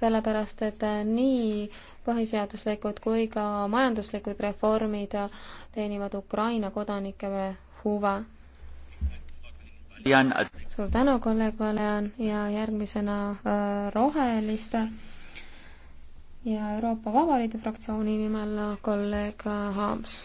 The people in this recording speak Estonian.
sellepärast et äh, nii põhiseaduslikud kui ka majanduslikud reformid äh, teenivad Ukraina kodanike huve. Äh, suur tänu, kolleeg Valean ja järgmisena Roheliste ja Euroopa Vabariigi fraktsiooni nimel kolleeg Haams